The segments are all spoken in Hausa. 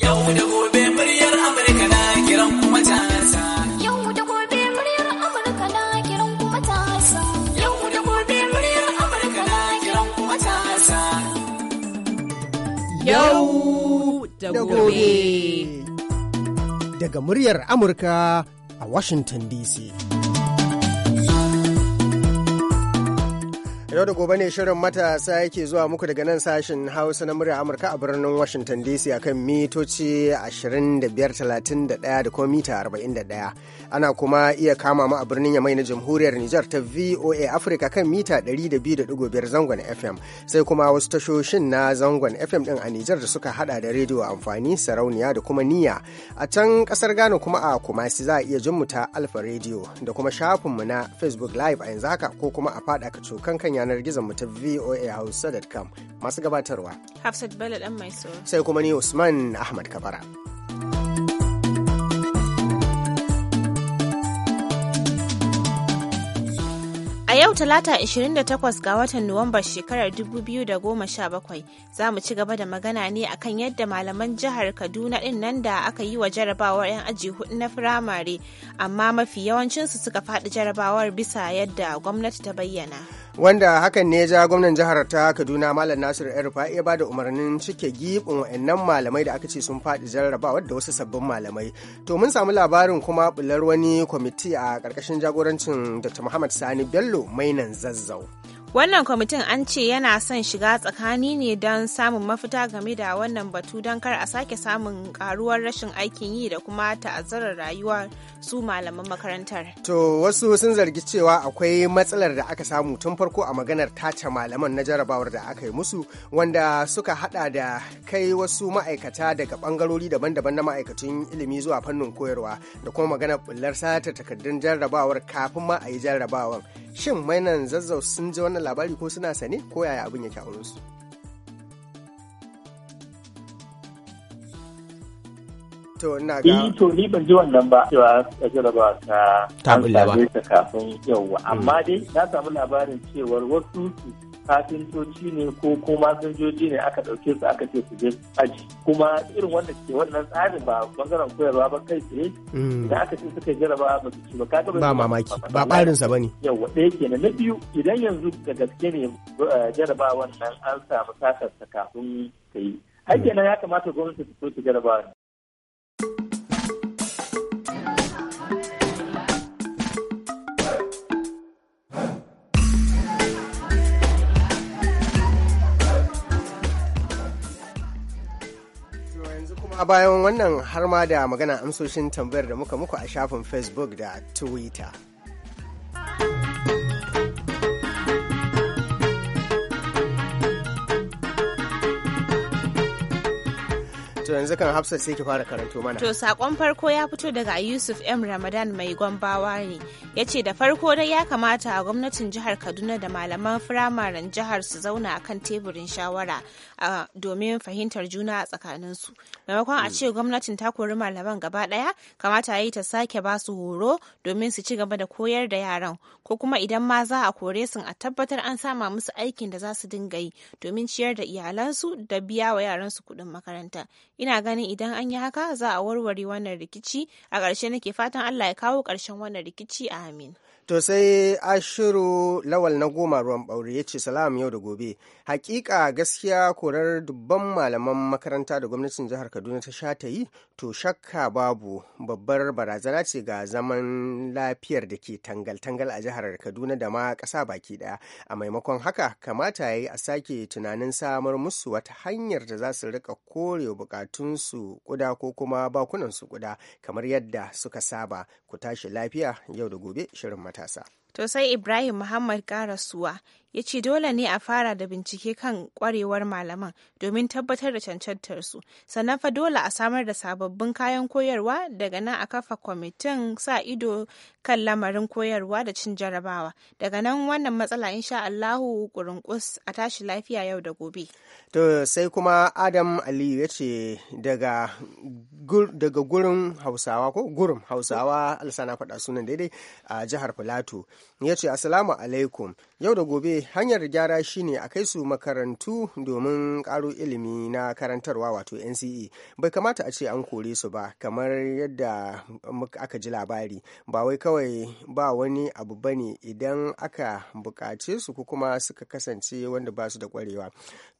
Yau da gobe muryar Amurka na kiran ku matasa. Yau da gobe muryar Amurka na kiran ku matasa. Yau da gobe muryar Amurka na kiran ku matasa. Yau da gobe. Daga muryar Amurka a Washington DC. Yau da gobe ne shirin matasa yake zuwa muku daga nan sashen Hausa na murya Amurka a birnin Washington DC akan mitoci 2531 da kuma mita 41. Ana kuma iya kama mu a birnin Yamai na Jamhuriyar Nijar ta VOA Africa kan mita 200.5 zangon FM. Sai kuma wasu tashoshin na zangon FM din a Nijar da suka hada da rediyo amfani sarauniya da kuma niya. A can kasar Ghana kuma a Kumasi za a iya jin mu ta Alfa Radio da kuma shafinmu na Facebook Live a yanzu haka ko kuma a fada ka cokan kan yanar gizon mu ta voahausa.com masu gabatarwa Hafsat Bello dan mai sai kuma ni Usman Ahmad Kabara. A yau Talata 28 ga watan Nuwambar shekarar 2017 za mu ci gaba da magana ne akan yadda malaman jihar Kaduna ɗin nan da aka yi wa jarabawar 'yan aji hudu na firamare amma mafi yawancinsu suka faɗi jarabawar bisa yadda gwamnati ta bayyana. wanda hakan ne ya ja gwamnan jihar ta kaduna malam nasir erufa ya ba da umarnin cike gibin wa'annan malamai da aka ce sun faɗi jarrabawa da wasu sabbin malamai to mun samu labarin kuma bular wani kwamiti a karkashin jagorancin dr muhammad sani bello mainan zazzau wannan kwamitin an ce yana son shiga tsakani ne don samun mafita game da wannan batu don kar a sake samun karuwar rashin aikin yi da kuma ta'azzarar rayuwar su malaman makarantar. To wasu sun zargi cewa akwai matsalar da aka samu tun farko a maganar tace malaman na jarabawar da aka yi musu wanda suka hada da kai wasu ma'aikata daga bangarori daban-daban na ma'aikatun ilimi zuwa fannin koyarwa da kuma maganar bullar sata takardun jarrabawar kafin ma a yi jarrabawan. Shin mainan zazzau sun ji wannan labari ko suna sane ko yaya abin yake a wurinsu? to ina ga eh to ni ban ji wannan ba cewa a jaraba ta ta bulla ba kafin yawa hmm. amma dai na samu labarin cewar wasu kafintoci ne ko kuma masinjoji ne aka ɗauke su aka ce su je aji kuma irin wanda ke wannan tsarin ba bangaren koyarwa ba kai tsaye hmm. da aka ce suka jaraba ba su ci ba ka ba mamaki ba barin sa bane yawa ɗaya kenan na biyu idan yanzu ga gaske ne eh, jaraba wannan an samu sakar kafin ka yi ai hmm. ya kamata gwamnati ta so ta jaraba a bayan wannan har ma da magana amsoshin tambayar da muka muku a shafin facebook da twitter To yanzu kan hafsa sai ki fara karanto mana. To sakon farko ya fito daga Yusuf M Ramadan mai gwambawa ne. Ya ce da farko dai ya kamata a gwamnatin jihar Kaduna da malaman firamaren jihar su zauna a kan teburin shawara domin fahimtar juna a tsakaninsu. Maimakon a ce gwamnatin ta kori malaman gaba ɗaya kamata ya yi ta sake ba su horo domin su ci gaba da koyar da yaran ko kuma idan ma za a kore su a tabbatar an sama musu aikin da za su dinga yi domin ciyar da iyalansu da biya wa yaransu kuɗin makaranta. ina ganin idan an yi haka za a warware wannan rikici a ƙarshe nake fatan allah ya kawo ƙarshen wannan rikici amin To sai Ashiru Lawal na goma ruwan ɓaure ya ce salam yau da gobe. Hakika gaskiya korar dubban malaman makaranta da gwamnatin jihar Kaduna ta sha ta yi to shakka babu babbar barazana ce ga zaman lafiyar da ke tangal-tangal a jihar Kaduna da ma ƙasa baki ɗaya. A maimakon haka kamata ya yi a sake tunanin samar musu wata hanyar da za su rika kore bukatunsu kuda ko kuma bakunansu kuda kamar yadda suka saba ku tashi lafiya yau da gobe shirin matasa. To sai Ibrahim Muhammad Karasuwa ya ce dole ne a fara da bincike kan kwarewar malaman domin tabbatar da cancantarsu sannan fa dole a samar da sababbin kayan koyarwa daga nan a kafa kwamitin sa ido kan lamarin koyarwa da cin jarabawa daga nan wannan matsala insha Allahu kurunkus a tashi lafiya yau da gobe to sai kuma Adam Ali ya ce daga daga gurin Hausawa ko gurum Hausawa alsana faɗa sunan daidai a jihar Filato ya ce assalamu alaikum yau da gobe hanyar gyara shine a kai su makarantu domin karo ilimi na karantarwa wato nce bai kamata a ce an kore su ba kamar yadda aka ji labari ba wai kawai ba wani abu bane idan aka bukace su ko kuma suka kasance wanda ba su da kwarewa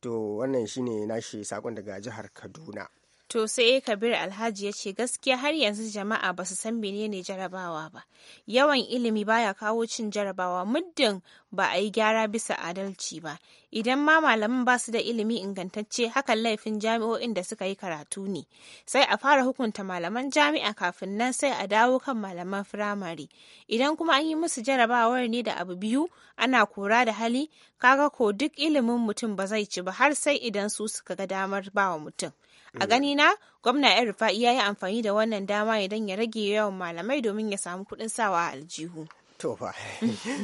to wannan shine nashi sakon daga jihar kaduna To sai eh, Kabir Alhaji ya ce gaskiya har yanzu jama'a ba su san menene jarabawa ba. Yawan ilimi baya kawo cin jarabawa muddin ba a yi gyara bisa adalci ba. Idan ma malaman ba su da ilimi ingantacce hakan laifin jami'o'in da suka yi karatu ne. Sai a fara hukunta malaman jami'a kafin nan sai a dawo kan malaman firamare. Idan kuma an yi musu jarabawar ne da abu biyu ana kora da hali kaga ko duk ilimin mutum ba zai ci ba har sai idan su suka ga damar bawa mutum. a mm. gani na gwamna yan rufa'i ya yi amfani da wannan dama idan ya rage yawan malamai domin ya samu kuɗin sawa a aljihu Tofa,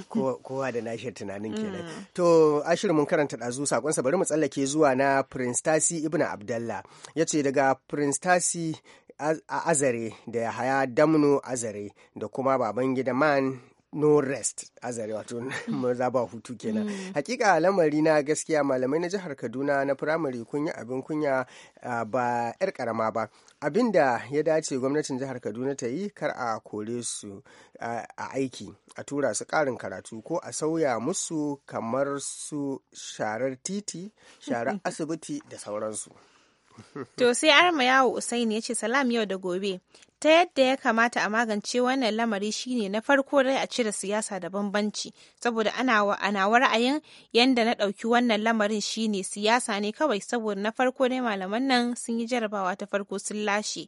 kowa da nashir tunanin kenan mm. to ashirin mun karanta ɗazu sakonsa bari mu tsallake zuwa na prince tasi ibn abdallah ya ce daga prince tasi a azare da ya haya damno azare da kuma baban man no rest a zare wato maza ba hutu kenan hmm. hakika lamari na gaskiya malamai na jihar kaduna na firamare kunya abin kunya ba yar karama ba abin da ya dace gwamnatin jihar kaduna ta yi kar a kore su a aiki a tura su karin karatu ko a sauya musu kamar su sharar titi sharar asibiti da sauransu To sai arma yawo Usaini ya ce salam yau da gobe. Ta yadda ya kamata a magance wannan lamari shine na farko dai a cire siyasa da bambanci saboda ana wa ra'ayin yanda na ɗauki wannan lamarin shine siyasa ne kawai saboda na farko dai malaman nan sun yi jarabawa ta farko sun lashe.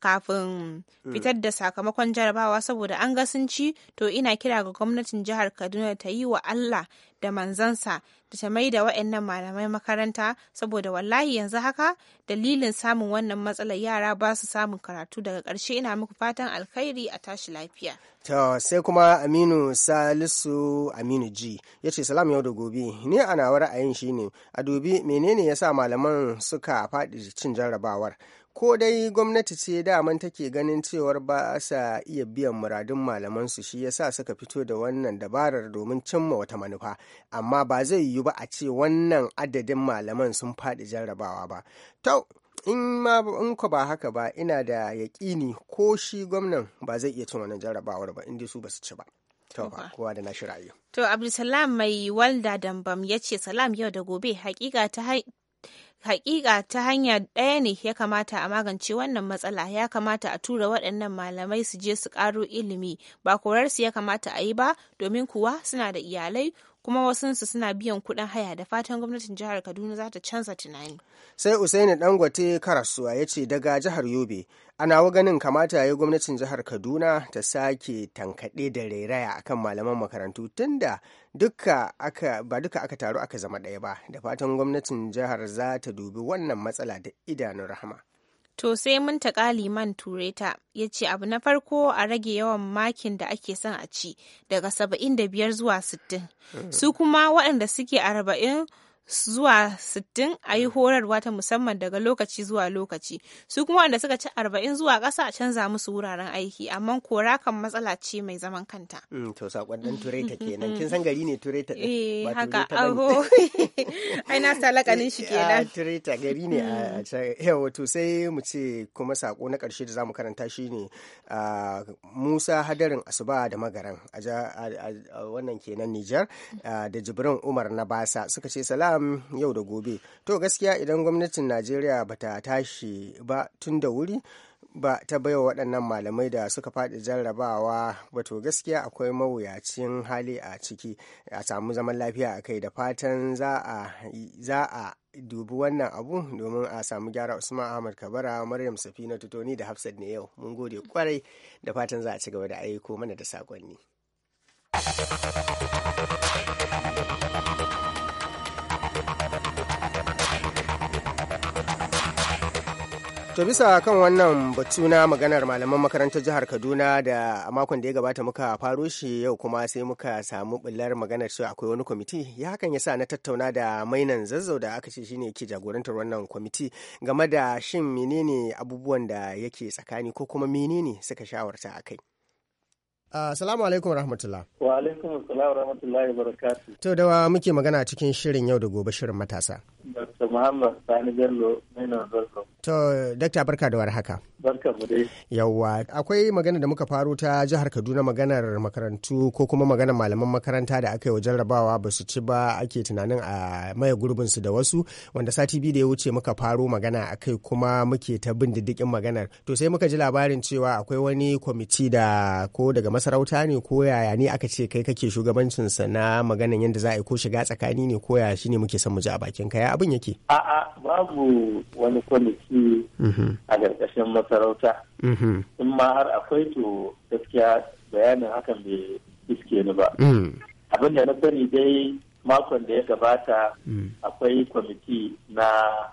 kafin mm. fitar da sakamakon jarabawa saboda an ga sun ci to ina kira ga gwamnatin jihar kaduna ta yi wa allah da manzansa da ta mai da wa'annan malamai makaranta saboda wallahi yanzu haka dalilin samun wannan matsalar yara ba su samun karatu daga karshe ina muku fatan alkhairi a tashi lafiya to sai kuma aminu salisu aminu ji ya ce salam yau da gobe ni a nawa ra'ayin shine a dubi menene yasa malaman suka faɗi cin jarabawar. ko dai gwamnati ce daman take ganin cewar ba sa iya biyan muradun malamansu shi yasa suka fito da wannan dabarar domin cimma wata manufa amma ba zai yiwu ba a ce wannan adadin malaman sun faɗi jarrabawa ba to in ma in ku ba haka ba ina da yaƙini ko shi gwamnan ba zai iya cin wannan jarrabawar ba inda su ba su ci ba to ba kowa da nashi ra'ayi To Abdulsalam mai walda dambam ya ce salam yau da gobe hakika hakika ta hanya ɗaya ne ya kamata a magance wannan matsala ya kamata a tura waɗannan malamai su je su ƙaro ilimi ba korarsu ya kamata a yi ba domin kuwa suna da iyalai kuma wasunsu suna biyan kuɗin haya da fatan gwamnatin jihar kaduna za ta canza tunani sai usaini dangote karasuwa ya ce daga jihar yobe ana ganin kamata ya gwamnatin jihar kaduna ta sake tankaɗe da rairaya akan malaman makarantu tunda da ba duka aka taru aka zama ɗaya ba da fatan gwamnatin jihar za ta dubi wannan matsala da idanun rahama To sai mun taƙa liman ture ta, ya ce abu na farko a rage yawan makin da ake son a ci daga da biyar zuwa sittin hmm. su kuma waɗanda suke arba'in zuwa 60 a yi mm. horarwa ta musamman daga lokaci zuwa lokaci su kuma wanda suka ci 40 zuwa ƙasa a canza musu wuraren aiki amma kora kan matsala ce mai zaman kanta mm, to sakon dan tureta kenan kin san gari ne tureta din eh, ba haka aho ai na sa lakanin shi eh, kenan tureta gari ne a mm. yawa to sai mu ce kuma sako na karshe da zamu karanta shine Musa Hadarin Asuba da Magaran a wannan kenan Nijar da Jibrin Umar na Basa suka ce salam kam yau da gobe to gaskiya idan gwamnatin najeriya bata tashi ba tun da wuri ba ta baiwa waɗannan malamai da suka faɗi jarrabawa to gaskiya akwai mawuyacin hali a ciki a samu zaman lafiya a kai da fatan za a dubi wannan abu domin a samu gyara usman ahmad kabara maryam safina tutoni da hafsat ne yau mun gode kwarai da fatan za a ci gaba da aiko mana da saƙonni. To bisa kan wannan batu na maganar malaman makarantar jihar Kaduna da makon da ya gabata muka faro shi yau kuma sai muka samu bullar maganar cewa akwai wani kwamiti ya hakan ya sa na tattauna da mainan zazzau da aka ce shi ne ke jagorantar wannan kwamiti game da shin menene abubuwan da yake tsakani ko kuma menene suka shawarta a kai. Assalamu ah, alaikum rahmatullah. Wa alaikum assalam rahmatullahi barakatuh. To da muke magana cikin shirin yau da gobe shirin matasa. Dr. Muhammad Sani barka da warhaka. Barka mu dai. Yawwa, akwai magana da muka faro ta jihar Kaduna maganar makarantu ko kuma maganar malaman makaranta da aka yi wa jarrabawa ba su ci ba ake tunanin a maye gurbin su da wasu wanda sati biyu da ya wuce muka faro magana akai kuma muke ta bin diddigin maganar. To sai muka ji labarin cewa akwai wani kwamiti da ko daga masarauta ne ko yaya ne aka ce kai kake shugabancinsa na maganar yadda za a yi ko shiga tsakani ne ko yaya shine muke son mu ji a bakin ka ya abin yake a'a babu wani kwamiti mm-hmm. a ƙarƙashin masarauta mm-hmm. in ma har akwai to gaskiya bayanin hakan bai iske ni ba mm. abin da na sani dai makon da ya gabata mm. akwai kwamiti na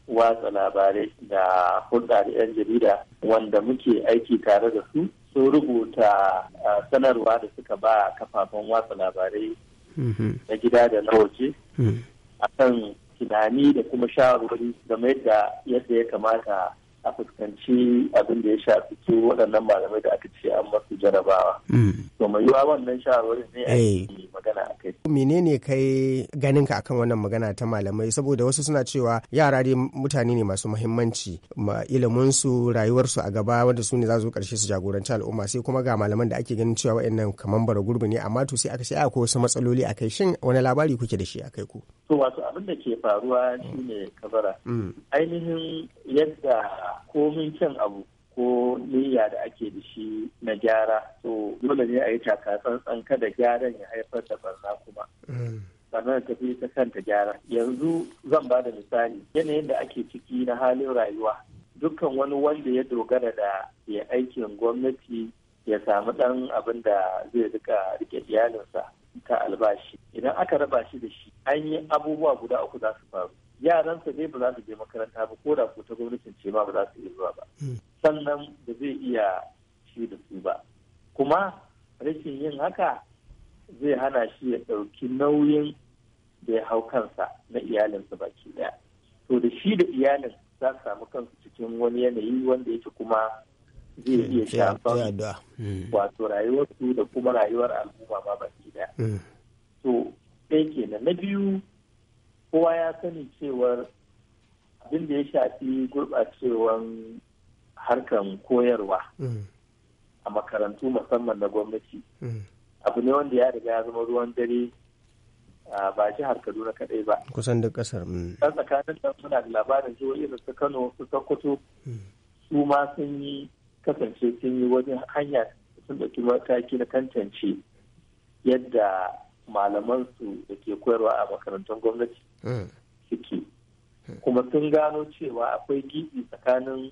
watsa labarai da hulɗa da 'yan jarida wanda muke aiki tare da su sun rubuta sanarwa da suka ba kafafen watsa labarai mm-hmm. na gida da na waje mm. a kan tunani da kuma shawarwari game da yadda ya kamata a fuskanci abin da ya shafi su waɗannan malamai da aka ce an masu jarabawa. Hmm. To mai yiwuwa wannan shawarwarin ne ake eh. magana a kai. Menene kai ganinka akan wannan magana ta malamai saboda wasu suna cewa yara dai mutane ne masu muhimmanci ma iliminsu rayuwarsu a gaba wanda su ne za su karshe su jagoranci al'umma sai kuma ga malaman da ake ganin cewa waɗannan kaman bara gurbi ne amma to sai aka ce ko wasu matsaloli a kai shin wani labari kuke da shi a kai ku. To wato abin da ke faruwa shine kabara. Hmm. Ainihin yadda komin cin abu ko niyya da ake da shi na gyara to dole ne a yi taka tsantsan kada gyaran ya haifar da barna kuma sannan mm. tafi ta kanta gyara yanzu zan ba da misali yanayin da ake ciki na halin rayuwa dukkan wani wanda ya dogara da ya aikin gwamnati ya samu dan abin da zai rika rike iyalinsa ta albashi idan aka raba shi da shi an yi abubuwa guda uku za su faru yaransa dai ba za su je makaranta ba ko da ko ta gwamnatin ce ma ba za su iya zuwa ba hmm. sannan ba zai iya shi da su ba kuma rashin yin haka zai hana shi ya ɗauki nauyin da ya hau kansa na iyalinsa baki ɗaya to da shi da iyalin za su samu kansu cikin wani yanayi wanda yake kuma zai iya hmm. shafan hmm. wato rayuwarsu da kuma rayuwar al'umma ba baki ɗaya to ɗaya kenan na biyu kowa ya sani cewar abin da ya shafi gurɓacewar harkan koyarwa mm. a makarantu musamman na gwamnati mm. abu ne wanda ya riga ya zama ruwan dare ba jihar kaduna kadai ba kusan da kasar mm. ɗan tsakanin nan suna da labarin zuwa irin su kano su sokoto su ma sun yi kasance sun yi wajen hanya sun ɗauki mataki na tantance yadda malaman su da ke koyarwa a makarantun gwamnati suke hmm. Hmm. kuma sun gano cewa akwai gizi tsakanin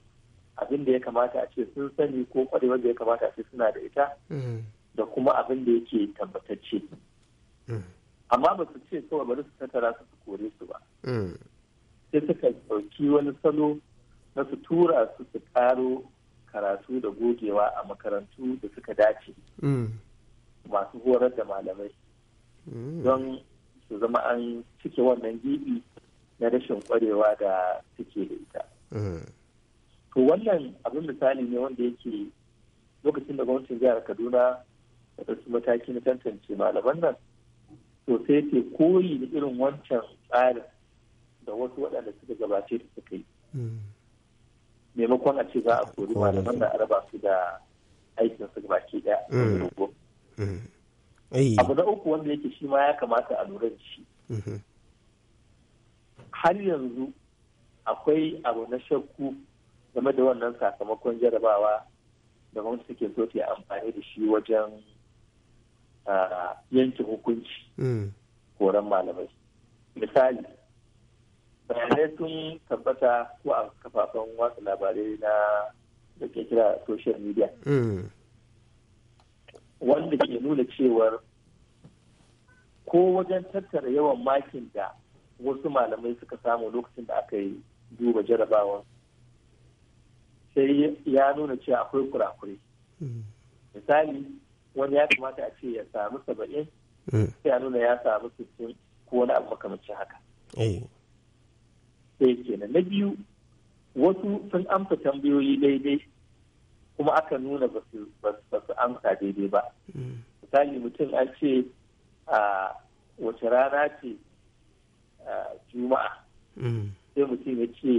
abin da ya kamata a ce sun sani ko kwarewar da ya kamata a ce suna da ita hmm. da kuma abin da yake tabbatacce amma ba su ce kawai bari su tattara su su kore su ba sai suka ɗauki wani salo na su tura su su karo karatu da gogewa a makarantu da suka dace masu horar da malamai don su zama an cike wannan gibi na rashin kwarewa da suke da ita. To wannan abin misali ne wanda yake lokacin da gwamnatin jihar Kaduna da su mataki na tantance malaman nan to sai ke koyi da irin wancan tsarin da wasu waɗanda suka gabace da suka yi. Maimakon a ce za a kori malaman da a raba su da aikin su baki ɗaya. Mm. Mm. Eh. abu na uku wanda yake shi ma ya kamata a lura da shi mhm. har yanzu akwai abu na shakku game da wannan sakamakon jarabawa da wani suke so amfani da shi wajen ah, yanke hukunci mm. koran malamai misali bayanai sun tabbata ko a kafafen watsa labarai na da ke kira social media mm. wanda ke nuna cewar ko wajen tattara yawan makin da wasu malamai suka samu lokacin da aka yi duba jarabawan sai ya nuna cewa akwai kurakure misali wani ya kamata a ce ya samu saba'in hmm. sai ya nuna ya samu sittin ko wani abu makamancin haka eh. sai kenan na biyu wasu sun amsa tambayoyi daidai kuma aka nuna ba su amsa daidai ba hmm. misali mutum an ce a wace rana ce juma'a hmm. sai mutum ya ce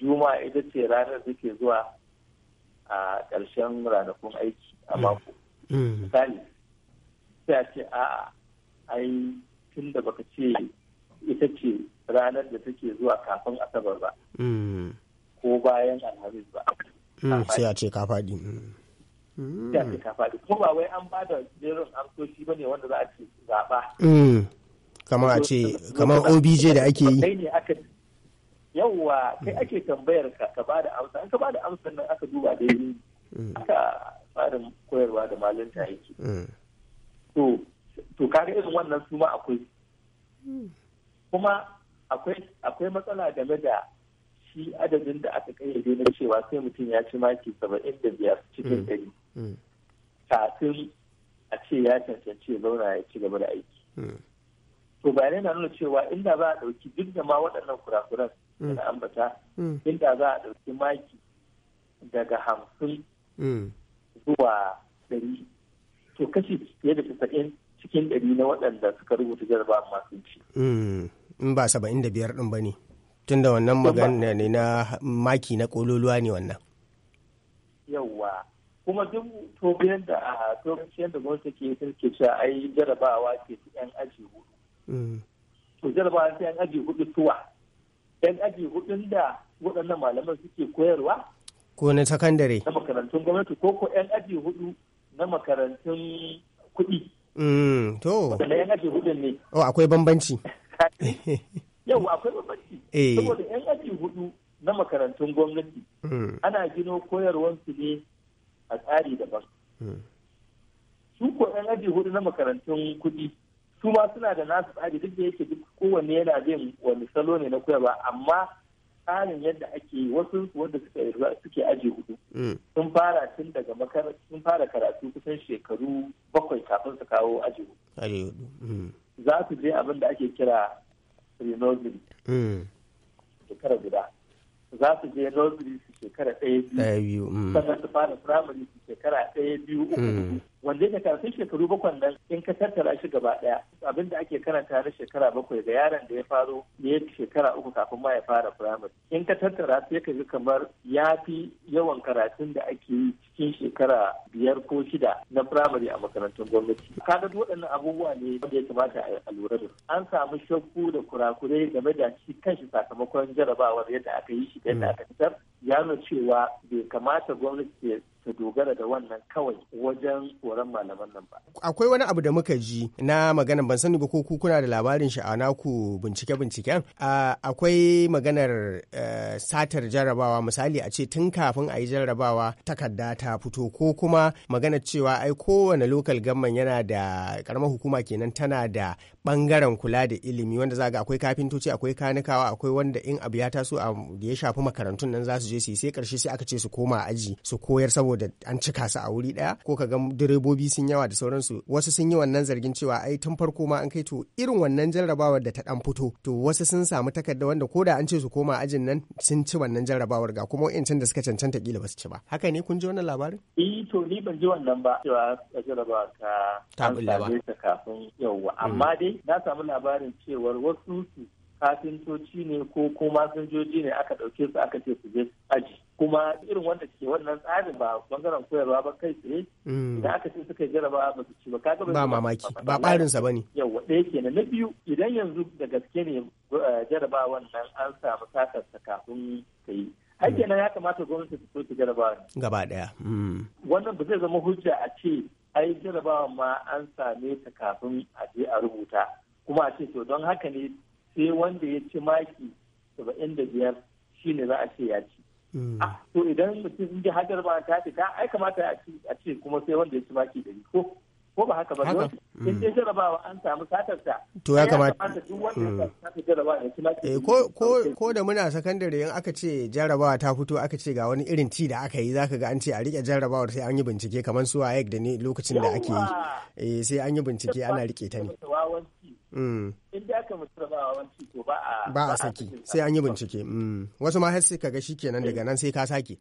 juma'a ita ce ranar da ke zuwa a ƙarshen ranakun aiki a hmm. mako misali sai a ce a'a ai tun da baka ce ita ce ranar da take zuwa kafin asabar ba ko bayan alhamis ba Mm, mm. sai a ce ka faɗi sai a ce ka faɗi kuma ba wai an ba da jerin amsoshi ba ne wanda za a ce zaɓa mm. kamar a ce kamar obj da ake yi yawwa kai ake tambayar ka ka ba da amsa an ka ba da amsa nan aka duba da yi aka tsarin koyarwa da malinta yake to to kaga irin wannan su ma akwai kuma akwai matsala game da shi adadin da aka kayyade na cewa sai mutum ya ci maki saba'in da biyar cikin mm. ɗari mm. kafin a ce ya cancanci ya zauna ya ci gaba da aiki mm. to ba yana nuna cewa inda za a ɗauki duk da ma waɗannan kurakuran da ambata inda za a ɗauki maki daga hamsin zuwa ɗari to kashi fiye da tasa'in cikin ɗari na waɗanda suka rubuta jarabawa masu ci. in ba saba'in da biyar ɗin ba ne. tunda wannan magana ne na maki na kololuwa ne wannan yawwa kuma duk tobiyan da a ah, tobiyan da gwamnati ke sun ke cewa ai jarabawa ke su yan aji hudu mm. to jarabawa ta yan aji hudu tuwa yan aji hudu da waɗannan malaman suke koyarwa ko na sakandare na makarantun gwamnati ko ko yan aji hudu na makarantun kuɗi mm, to waɗannan yan aji hudun ne oh akwai bambanci yau akwai bambanci eh. saboda yan aji hudu na makarantun gwamnati hmm. ana gino koyarwansu ne a tsari daban hmm. su ko yan aji hudu na makarantun kudi su ma suna da nasu tsari duk da yake duk kowanne yana bin wani salo ne na koyarwa amma tsarin yadda ake wasu wanda suka suke aji hudu hmm. sun fara tun daga sun fara karatu kusan shekaru bakwai kafin su kawo aji hudu za su je abin da ake kira pre-nursery hmm. shekara guda za su je nursery shekara ɗaya biyu hmm. sannan su fara primary su shekara ɗaya biyu uku hmm. wanda ya karatu shekaru bakwai nan in ka tattara shi gaba ɗaya abin da ake karanta na shekara bakwai ga yaron da ya faro ya shekara uku kafin ma ya fara firamare in ka tattara sai ka ji kamar ya fi yawan karatun da ake yi cikin shekara biyar ko shida na firamare a makarantun gwamnati ga waɗannan abubuwa ne wanda ya kamata a lura da an samu shakku da kurakurai game da shi kanshi sakamakon jarabawar yadda aka yi shi da yadda aka fitar ya cewa bai kamata gwamnati su dogara da wannan kawai wajen tsoron malaman nan ba. Akwai wani abu da muka ji na magana ban sani ba ko ku kuna da labarin shi a naku bincike binciken. Akwai maganar eh, satar jarrabawa misali a ce tun kafin a yi jarrabawa takarda ta fito ko kuma maganar cewa ai kowane lokal gamman yana da karamar hukuma kenan tana da bangaren kula da ilimi wanda za ga akwai kafintoci akwai kanikawa akwai wanda in abu ya taso a da ya shafi makarantun nan za su je su yi sai karshe sai aka ce su koma aji su koyar saboda an cika su a wuri daya ko ka ga direbobi sun yawa da sauransu wasu sun yi wannan zargin cewa ai tun farko ma an kai to irin wannan jarrabawar da ta dan fito to wasu sun samu takarda wanda ko da an ce su koma ajin nan sun ci wannan jarrabawar ga kuma can da suka cancanta kila ba su ci ba haka ne kun ji wannan labarin eh to ni ban ji wannan ba cewa jarrabawa ta ta kafin yauwa amma dai na samu labarin cewar wasu su kafintoci ne ko ko masinjoji ne aka ɗauke su aka ce su je aji kuma irin wanda ke wannan tsarin ba bangaren koyarwa ba kai tsaye mm. idan aka ce suka jira ba su ci ba kaga ba mamaki ba barin sa bane yawa ɗaya kenan na biyu idan yanzu da gaske ne eh, jarabawar nan an samu sakar ta kafin ka yi har mm. ya kamata gwamnati ta so ta jarabawa gaba ɗaya mm. wannan ba zai zama hujja a ce ai jarabawa ma an same ta kafin a je a rubuta kuma a ce to don haka ne sai wanda ya ci maki saba'in da biyar shine za a ce ya ci hmm. ah, to idan mutum ji hajar ba ta fita ai kamata a ce kuma sai wanda ya ci maki ɗari ko ko ba haka ba don in mm. dai jarabawa an samu satarta to ya kamata duk wanda mm. ya jarabawa ya ci eh, ko da muna sakandare in aka ce jarabawa ta fito aka ce ga wani irin ti da aka yi zaka ga an ce a rike jarabawar sai an yi bincike kamar su waye da ne lokacin da ake yi eh, sai an yi bincike ana rike ta ne in da aka mutu to ba a ba a saki sai an yi bincike mm. wasu ma har sai ka ga shikenan daga nan sai ka sake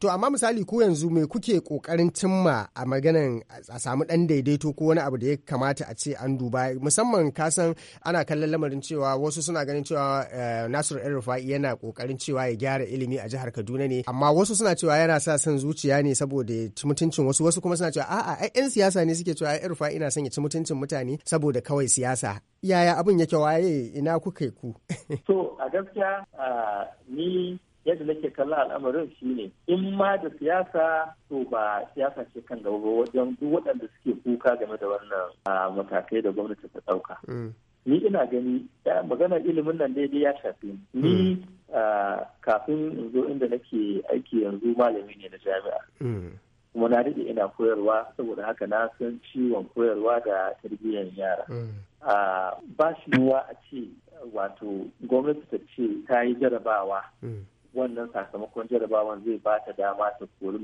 to amma misali ko yanzu me kuke kokarin cimma a maganan a samu dan daidaito ko wani abu da ya kamata a ce an duba musamman ka san ana kallon lamarin cewa wasu suna ganin cewa eh, Nasiru El Rufai yana kokarin cewa ya gyara ilimi a jihar Kaduna ne amma wasu suna cewa yana sa son zuciya ne saboda mutuncin wasu wasu kuma suna cewa a'a ai yan siyasa ne suke cewa El Rufai ina son ya ci mutuncin mutane saboda kawai siyasa yaya abin yake waye ina kuka ku. so a gaskiya ni yadda nake kallon al'amarin shi ne. in ma da siyasa to ba siyasa ce kan gaba wajen duk waɗanda suke kuka game da wannan matakai da gwamnati ta ɗauka. Mm. Ni ina gani maganar ilimin nan daidai ya shafi ni mm. kafin in zo inda nake aiki yanzu malami ne na jami'a. Mm. Kuma na daɗe ina koyarwa saboda haka na san ciwon koyarwa da tarbiyyar yara. ba shi yiwuwa a ce wato gwamnati ta ce ta yi jarabawa hmm. wannan sakamakon jarabawan zai ba ta dama ta kori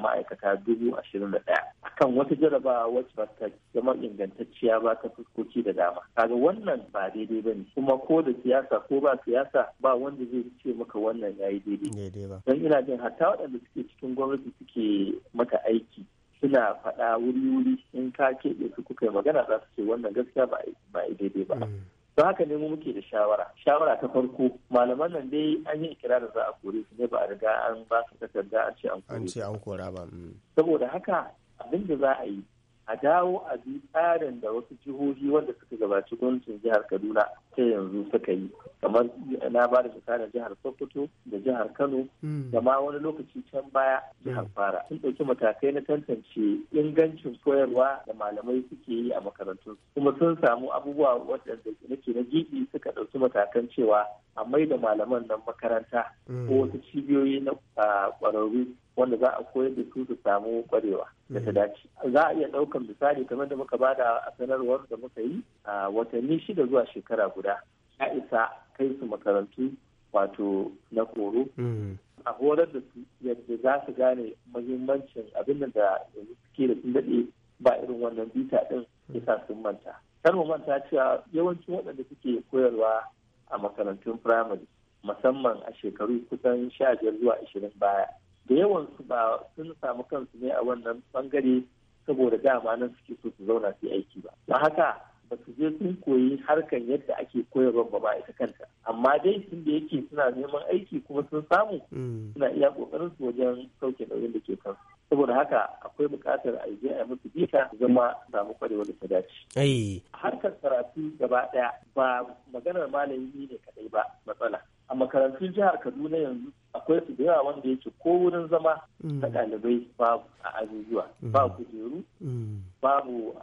ma'aikata dubu ashirin da ɗaya akan wata jarabawa wacce ba ta zama ingantacciya ba ta fuskoki da dama kaga wannan ba daidai ba ne kuma ko da siyasa ko ba siyasa ba wanda zai ce maka wannan ya yi daidai don ina jin hatta waɗanda suke cikin gwamnati suke maka aiki suna faɗa wuri-wuri in ka keɓe su kuka yi magana za su ce wannan gaskiya ba a daidai ba. Mm. Don haka ne mu muke da shawara. Shawara ta farko malaman nan dai an yi da za a kore su ne ba a riga an ba su takarda an ce an kore. An ce an kora ba. Mm. Saboda haka abin da za a yi a dawo a bi tsarin da wasu jihohi wanda suka gabaci gwamnatin jihar Kaduna ta yanzu suka yi kamar na ba da misali jihar sokoto da jihar kano hmm. da ma wani lokaci can baya jihar fara hmm. sun ɗauki matakai na tantance ingancin koyarwa da malamai suke yi a makarantun kuma sun samu abubuwa waɗanda nake na gibi suka ɗauki matakan cewa a mai da malaman nan makaranta hmm. ko wasu cibiyoyi na ah, ƙwararru wanda za a koyar da su su samu kwarewa da ta dace za a iya ɗaukar misali kamar da muka bada a sanarwar da muka yi a watanni shida zuwa shekara guda ya isa kai su makarantu wato na koro mm. a horar da su yadda za su gane muhimmancin abin da yanzu suke da sun daɗe ba irin wannan bita ɗin isa sun manta kar mu manta cewa yawancin waɗanda suke koyarwa a makarantun firamare musamman a shekaru kusan sha biyar zuwa ashirin baya da yawan su ba sun samu kansu ne a wannan bangare saboda dama nan suke so su zauna su aiki ba don haka ba su je sun koyi harkan yadda ake koyarwa ba ba ita kanta amma dai tun da yake suna neman aiki kuma sun samu mm. suna iya kokarin su wajen sauke nauyin da ke kansu saboda haka akwai bukatar a je a musu bita zama samu kwarewa da ta dace. Harkar karatu gaba daya ba maganar malami ne kadai ba matsala. A makarantun jihar Kaduna yanzu akwai su da yawa wanda yake ko wurin zama mm. na ɗalibai babu a ajujuwa mm. ba kujeru mm. babu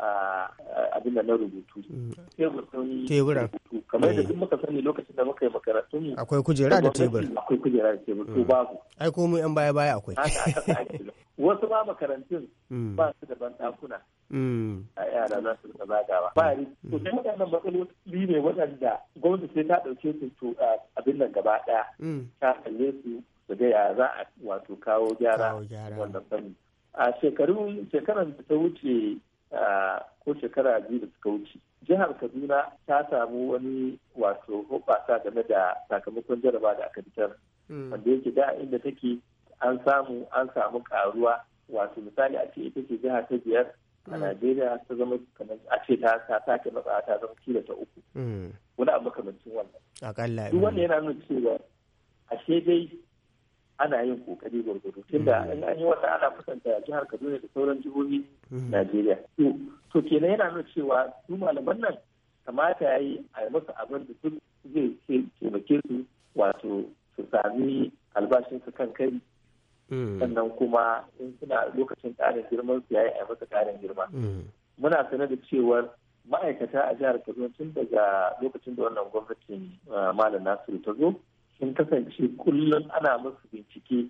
abin da na rubutu tebur sauni tebura kamar da duk muka sani lokacin da muka yi makarantun mu akwai kujera da tebur akwai kujera da tebur to babu ai ko mu yan baya baya akwai wasu ba makarantun ba su da banɗakuna a yara za su rika zagawa ba ri to sai waɗannan matsaloli ne waɗanda gwamnati sai ta ɗauke su to abin nan gaba ɗaya ta kalle su da dai za a wato kawo gyara wannan fanni a shekarun shekarar da ta wuce ko shekara biyu da suka wuce jihar kaduna ta samu wani wato hoɓasa game da sakamakon jaraba da aka fitar hmm. wanda yake da inda take an samu an samu karuwa wato misali a ce ita ce jiha ta biyar a hmm. najeriya ta zama kamar a ce ta sake matsa ta zama kila ta uku hmm. wani abu cin wannan duk wanda yana nuna cewa ashe dai ana yin kokari gwargwado tun hmm. in an yi wannan ana kusanta jihar kaduna da sauran jihohi hmm. najeriya to kenan yana nuna cewa su malaman nan kamata ya yi a yi abin da su zai taimake su wato su sami albashin su kan kai hmm. sannan kuma in suna lokacin ƙarin girman su ya yi a yi masa ƙarin girma muna sanar da cewar ma'aikata a jihar kaduna tun daga lokacin da wannan gwamnatin eh, malam nasiru ta zo sun kasance kullum ana musu bincike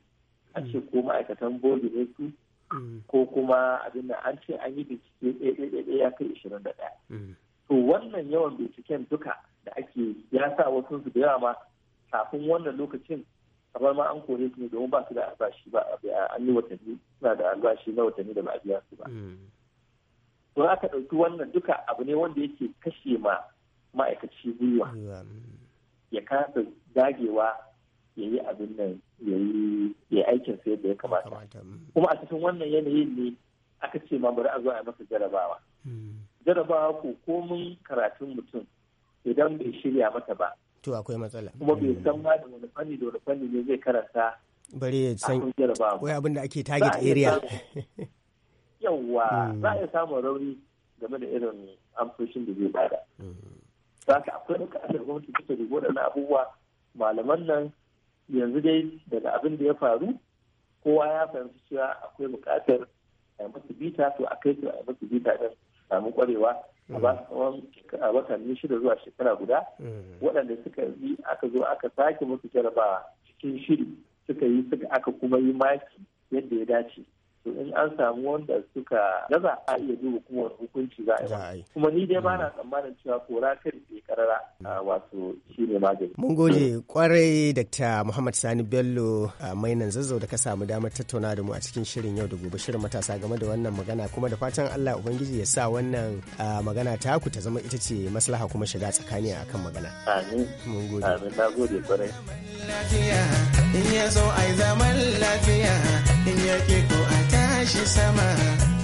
a ce ko ma'aikatan bodi ne su mm. ko kuma abin da an ce an yi bincike ɗaya ya kai ishirin da ɗaya. Mm. To wannan yawan binciken duka da ake ya sa wasu su da yawa ma kafin wannan lokacin kamar ma an kore su ne domin ba su da albashi ba an yi watanni suna da albashi na watanni da ba a biya su ba. Mm. To aka ɗauki wannan duka abu ne wanda yake kashe ma ma'aikaci gwiwa. ya kasa dagewa ya yi abin nan ya yi aikin sai da ya kamata mm. kuma a cikin wannan yanayin ne aka ce ma bari a zo a masa jarabawa mm. jarabawa ko komin karatun mutum idan bai shirya mata ba to akwai matsala kuma bai mm. san ma da wani fanni da wani fanni ne zai karanta Bari ya san wai abin da ake target area yawwa za a iya samun rauni game da irin amsoshin da zai bada za ka akwai bukatar gwamnati ta waɗannan abubuwa malaman nan yanzu dai daga abin da ya faru kowa ya fahimci cewa akwai bukatar a masu bita to a kai su a masu bita don samu kwarewa a ba su a watanni shida zuwa shekara guda mm. waɗanda suka yi aka zo aka sake musu jarabawa cikin shiri suka yi suka aka kuma yi maki yadda ya dace to in an samu wanda suka gaza a iya duba kuma wani hukunci za a yi kuma ni dai bana mm. tsammanin cewa kora kai bai karara wato ne magani mun gode kwarai dr muhammad sani bello a nan zazzau da ka samu damar tattauna da mu a cikin shirin yau da gobe shirin matasa game da wannan magana kuma da fatan allah ubangiji ya sa wannan magana ta ku ta zama ita ce maslaha kuma shiga tsakani a kan magana amin na gode kwarai ya zo ai zaman lafiya in ya ke ko a tashi sama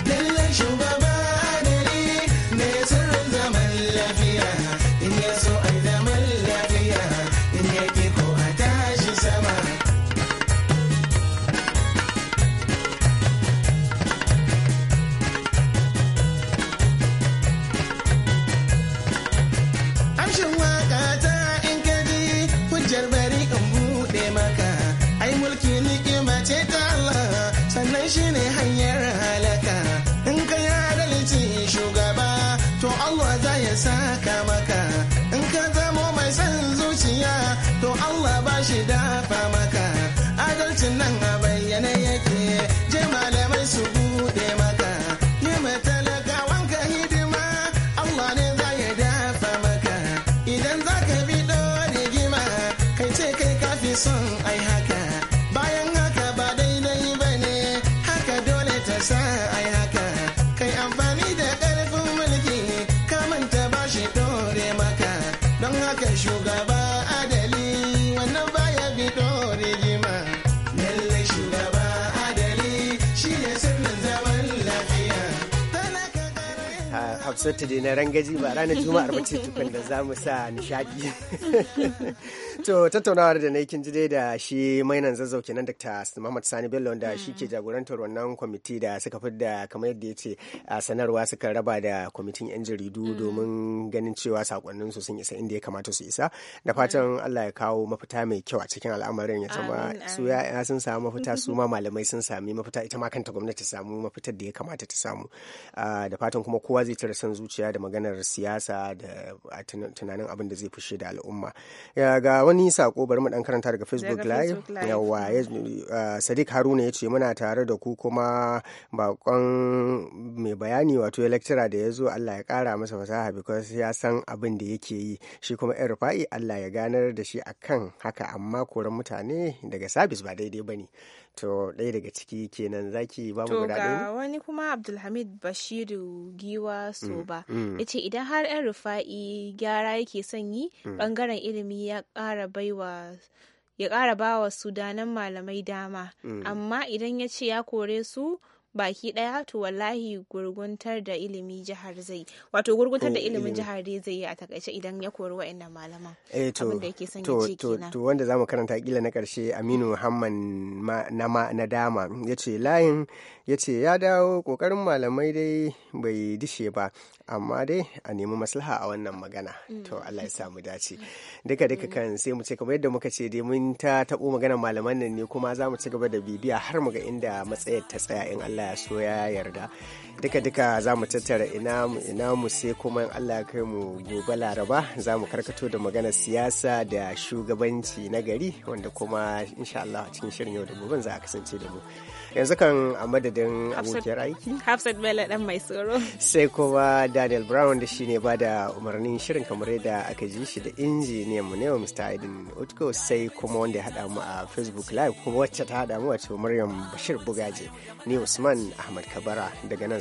saturday na rangaji ba ranar juma'ar ba ce tukun da za mu sa nishadi to tattaunawa da na kin ji dai da shi mainan zazzau nan Dr. Muhammad Sani Bello da mm. shi ke jagorantar wannan kwamiti da suka da kamar yadda ya ce a sanarwa suka raba da kwamitin yan jaridu mm. domin ganin cewa sakonnin su sun isa inda ya kamata su isa da mm. fatan Allah ya kawo mafita mai kyau a cikin al'amarin ya zama su ya sun samu mafita su ma malamai sun sami mafita ita ma kanta gwamnati samu mafitar da ya kamata ta samu da fatan kuma kowa zai cire son zuciya da maganar siyasa da tunanin abin da zai fushe da al'umma ya ga wani sako bari mu dan karanta daga facebook live yawa uh, sadiq haruna ya ce muna tare da ku kuma bakon mai bayani wato ya lecturer da ya zo allah ya kara masa fasaha because ya san abin da yake yi shi kuma yan rufa'i allah ya ganar da shi akan haka amma koran mutane daga sabis ba daidai ba ne to ɗaya daga ciki kenan zaki ba mu ga wani kuma abdulhamid bashiru giwa so ba mm, mm. ya ce idan har yan rufa'i gyara yake son yi bangaren mm. ilimi ya ƙara baiwa ya ƙara ba wa sudanan malamai dama amma idan ya ce ya kore su baki daya to wallahi gurguntar da ilimi jihar zai wato gurguntar da ilimin jihar dai zai yi a takaice idan ya kori wa'annan malaman eh to to to, to wanda zamu karanta kila na karshe Aminu Muhammad na na dama yace layin yace ya dawo kokarin malamai dai bai dishe ba amma dai a nemi maslaha a wannan magana mm. to Allah ya samu dace duka duka mm. kan sai mu ce kamar yadda muka ce dai mun ta tabo maganar malaman nan ne kuma zamu ci gaba da bibiya har mu ga inda matsayar ta tsaya in Allah Allah ya so ya yarda duka duka za mu tattara ina ina mu sai kuma in Allah ya kai mu gobe laraba za mu karkato da magana siyasa da shugabanci na gari wanda kuma insha Allah cikin shirin yau da gobe za a kasance da mu yanzu kan a madadin abokiyar aiki Hafsat Bello dan mai tsoro sai kuma Daniel Brown da shine ba da umarnin shirin kamar yadda aka ji shi da injiniyan mu ne wa Mr. Aidin Utko sai kuma wanda ya hada mu a Facebook live kuma wacce ta hada mu wato Maryam Bashir Bugaje ni Usman Ahmad Kabara daga nan